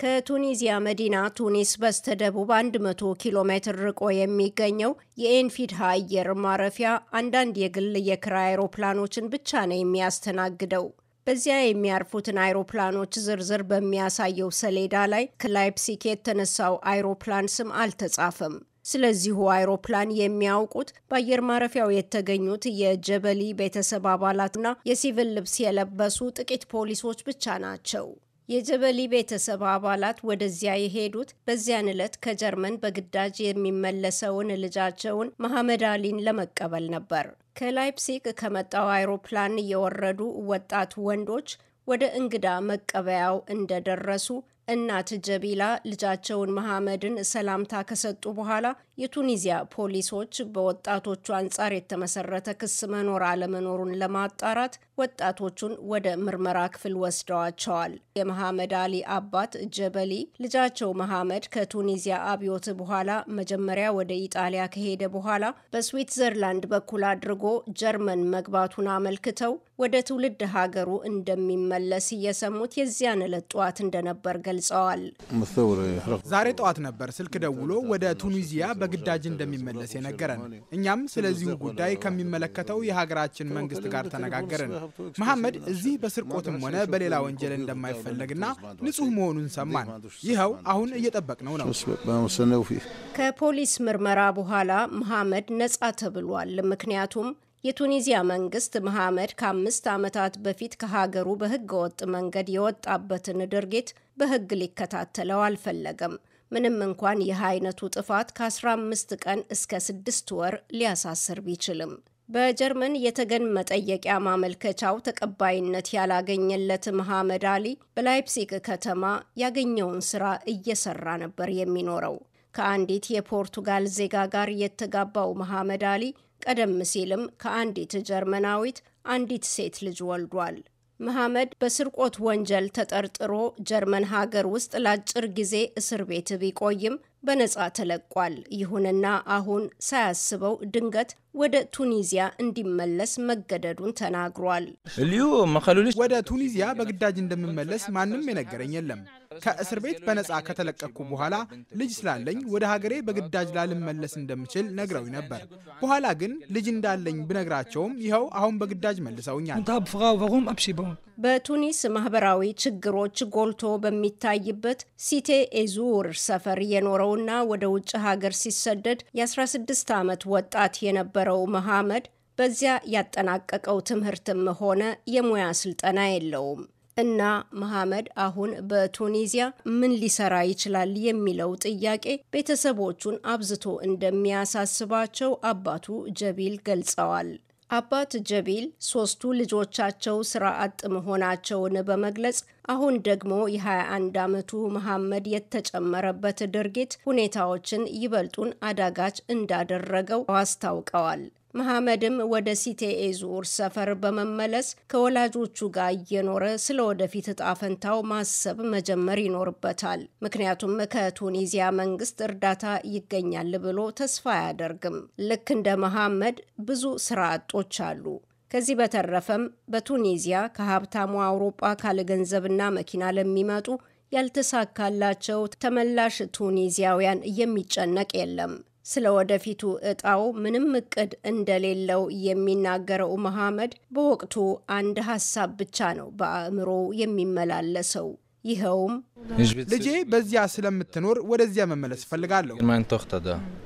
ከቱኒዚያ መዲና ቱኒስ በስተደቡብ 100 ኪሎ ሜትር ርቆ የሚገኘው የኤንፊድሃ አየር ማረፊያ አንዳንድ የግል የክራይ አይሮፕላኖችን ብቻ ነው የሚያስተናግደው። በዚያ የሚያርፉትን አይሮፕላኖች ዝርዝር በሚያሳየው ሰሌዳ ላይ ከላይፕሲክ የተነሳው አይሮፕላን ስም አልተጻፈም። ስለዚሁ አይሮፕላን የሚያውቁት በአየር ማረፊያው የተገኙት የጀበሊ ቤተሰብ አባላትና የሲቪል ልብስ የለበሱ ጥቂት ፖሊሶች ብቻ ናቸው። የጀበሊ ቤተሰብ አባላት ወደዚያ የሄዱት በዚያን ዕለት ከጀርመን በግዳጅ የሚመለሰውን ልጃቸውን መሐመድ አሊን ለመቀበል ነበር። ከላይፕሲግ ከመጣው አይሮፕላን የወረዱ ወጣት ወንዶች ወደ እንግዳ መቀበያው እንደደረሱ እናት ጀቢላ ልጃቸውን መሐመድን ሰላምታ ከሰጡ በኋላ የቱኒዚያ ፖሊሶች በወጣቶቹ አንጻር የተመሰረተ ክስ መኖር አለመኖሩን ለማጣራት ወጣቶቹን ወደ ምርመራ ክፍል ወስደዋቸዋል። የመሐመድ አሊ አባት ጀበሊ ልጃቸው መሐመድ ከቱኒዚያ አብዮት በኋላ መጀመሪያ ወደ ኢጣሊያ ከሄደ በኋላ በስዊትዘርላንድ በኩል አድርጎ ጀርመን መግባቱን አመልክተው ወደ ትውልድ ሀገሩ እንደሚመለስ እየሰሙት የዚያን ዕለት ጠዋት እንደነበር ገልጸዋል። ዛሬ ጠዋት ነበር ስልክ ደውሎ ወደ ቱኒዚያ በግዳጅ እንደሚመለስ የነገረን። እኛም ስለዚሁ ጉዳይ ከሚመለከተው የሀገራችን መንግስት ጋር ተነጋገርን። መሐመድ እዚህ በስርቆትም ሆነ በሌላ ወንጀል እንደማይፈለግና ንጹህ መሆኑን ሰማን። ይኸው አሁን እየጠበቅነው ነው። ከፖሊስ ምርመራ በኋላ መሐመድ ነጻ ተብሏል። ምክንያቱም የቱኒዚያ መንግስት መሐመድ ከአምስት ዓመታት በፊት ከሀገሩ በህገ ወጥ መንገድ የወጣበትን ድርጊት በህግ ሊከታተለው አልፈለገም። ምንም እንኳን ይህ አይነቱ ጥፋት ከ15 ቀን እስከ 6 ወር ሊያሳስር ቢችልም በጀርመን የተገን መጠየቂያ ማመልከቻው ተቀባይነት ያላገኘለት መሐመድ አሊ በላይፕሲግ ከተማ ያገኘውን ስራ እየሰራ ነበር የሚኖረው። ከአንዲት የፖርቱጋል ዜጋ ጋር የተጋባው መሐመድ አሊ ቀደም ሲልም ከአንዲት ጀርመናዊት አንዲት ሴት ልጅ ወልዷል። መሐመድ በስርቆት ወንጀል ተጠርጥሮ ጀርመን ሀገር ውስጥ ለአጭር ጊዜ እስር ቤት ቢቆይም በነጻ ተለቋል። ይሁንና አሁን ሳያስበው ድንገት ወደ ቱኒዚያ እንዲመለስ መገደዱን ተናግሯል። ወደ ቱኒዚያ በግዳጅ እንደምመለስ ማንም የነገረኝ የለም። ከእስር ቤት በነፃ ከተለቀቅኩ በኋላ ልጅ ስላለኝ ወደ ሀገሬ በግዳጅ ላልመለስ እንደምችል ነግረው ነበር። በኋላ ግን ልጅ እንዳለኝ ብነግራቸውም ይኸው አሁን በግዳጅ መልሰውኛል። በቱኒስ ማህበራዊ ችግሮች ጎልቶ በሚታይበት ሲቴ ኤዙር ሰፈር የኖረውና ወደ ውጭ ሀገር ሲሰደድ የ16 ዓመት ወጣት የነበረው መሐመድ በዚያ ያጠናቀቀው ትምህርትም ሆነ የሙያ ስልጠና የለውም። እና መሐመድ አሁን በቱኒዚያ ምን ሊሰራ ይችላል የሚለው ጥያቄ ቤተሰቦቹን አብዝቶ እንደሚያሳስባቸው አባቱ ጀቢል ገልጸዋል። አባት ጀቢል ሶስቱ ልጆቻቸው ስራ አጥ መሆናቸውን በመግለጽ አሁን ደግሞ የ21 ዓመቱ መሐመድ የተጨመረበት ድርጊት ሁኔታዎችን ይበልጡን አዳጋች እንዳደረገው አስታውቀዋል። መሐመድም ወደ ሲቴኤ ዙር ሰፈር በመመለስ ከወላጆቹ ጋር እየኖረ ስለ ወደፊት እጣ ፈንታው ማሰብ መጀመር ይኖርበታል። ምክንያቱም ከቱኒዚያ መንግስት እርዳታ ይገኛል ብሎ ተስፋ አያደርግም። ልክ እንደ መሐመድ ብዙ ስራ አጦች አሉ። ከዚህ በተረፈም በቱኒዚያ ከሀብታሙ አውሮጳ ካለ ገንዘብና መኪና ለሚመጡ ያልተሳካላቸው ተመላሽ ቱኒዚያውያን የሚጨነቅ የለም። ስለ ወደፊቱ እጣው ምንም እቅድ እንደሌለው የሚናገረው መሐመድ በወቅቱ አንድ ሀሳብ ብቻ ነው በአእምሮ የሚመላለሰው። ይኸውም ልጄ በዚያ ስለምትኖር ወደዚያ መመለስ እፈልጋለሁ።